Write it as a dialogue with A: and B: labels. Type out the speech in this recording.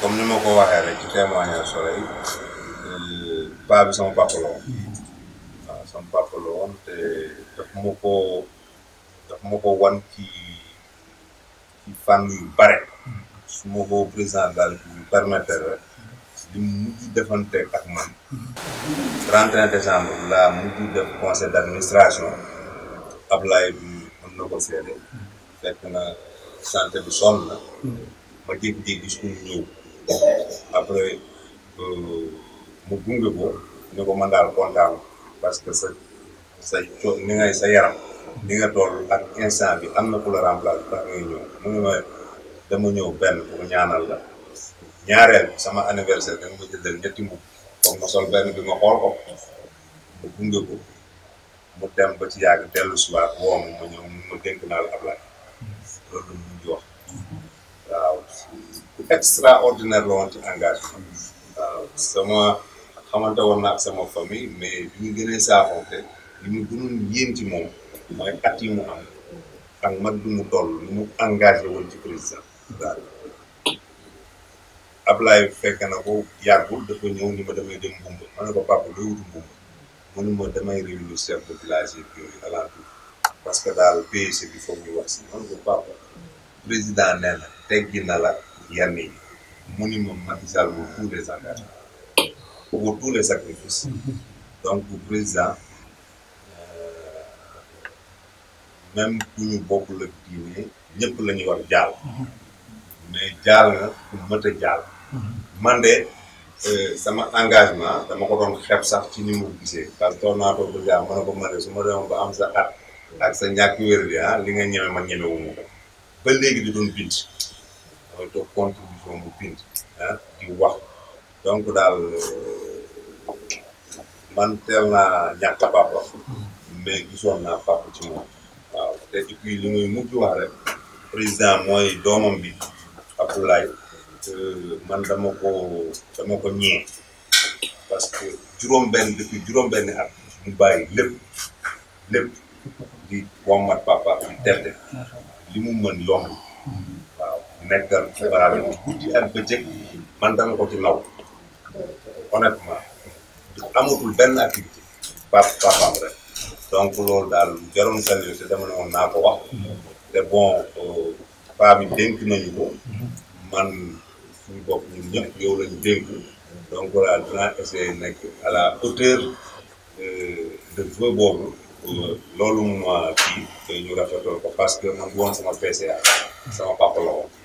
A: comme ni ma ko waxee rek ci témoignage Soleil euh, paa bi sama papa mm-hmm. sama papa te daf ma ko daf ma ko wan ci ci fànn yu bare mm-hmm. su ma ko président daal bi permettre rek li mu mujj defante ak man 31 mm-hmm. décembre laa mujj def conseil d'administration Ablaye bi mën na ko seede fekk na santé bi sonn ma jékki-jékki suñu ñëw après euh, mu gunge ko ne ko man daal kontaan parce que sa sa co ni ngay sa yaram ni nga toll ak instant bi am na ku la ngay mu ma dama ñëw benn pour ñaanal la sama anniversaire dama ma jëndal ñetti mbubb comme ma sol benn bi ma xool ko mu gunge ko mu dem ba ci mu la extraordinaire la woon ci engagement waaw sama xamante woon na ak sama famille mais bi ñu gënee saaxoonte li mu gënoon yéem ci moom mooy at mu am ak mag bi mu toll mu engagé woon ci président daal Ablaye fekk na ko yàggul dafa ñëw ni ma damay dem Mboumba ma ne ko papa looy wutu Mboumba mu ne ma damay réunir chef de village yi yooyu alentour parce que daal PSE bi foog ñu wax si ma ne ko papa président nee na teggi na la Yamé, monument matisal pour tous des engagements, pour tous les sacrifices. Donc, pour le président, euh, même pour nous beaucoup le Guinée, ñëpp la ñuy war jaal. mais jaal hein, pour ku mët a jaal. man de euh, sama engagement dama ko doon xeeb sax ci ni mu gisee parce que toog naa ko ba jaa ma ne ko man de su ma demoon ba am sa at ak sa ñak wér bi ah li nga ñeme man ñëmé wu ba légui di doon bint mooy toog contribution mu bind ah di wax donc daal euh, man teel naa ñàkk a papa mais gisoon naa papa ci moom waaw te depuis li muy mujj wax rek président mooy doomam bi Abdoulaye man dama ko dama ko ñee parce que juróom-benn depuis juróom-benn at mu bàyyi lépp lépp di wommat papa di tedd li mu mën yomb nekkal xibaar yi guddi ak man dama ko ci law honnêtement amatul benn activité papa papaam rek donc loolu daal jaroon salué te dama ne ko wax te bon euh, paa bi dénk nañu ko man suñu bopp ñun ñëpp yow lañu dinaa essayer nekk à hauteur euh, de vœu boobu euh, loolu ma kii te ñu rafetol parce que man du woon sama PCA sama papa la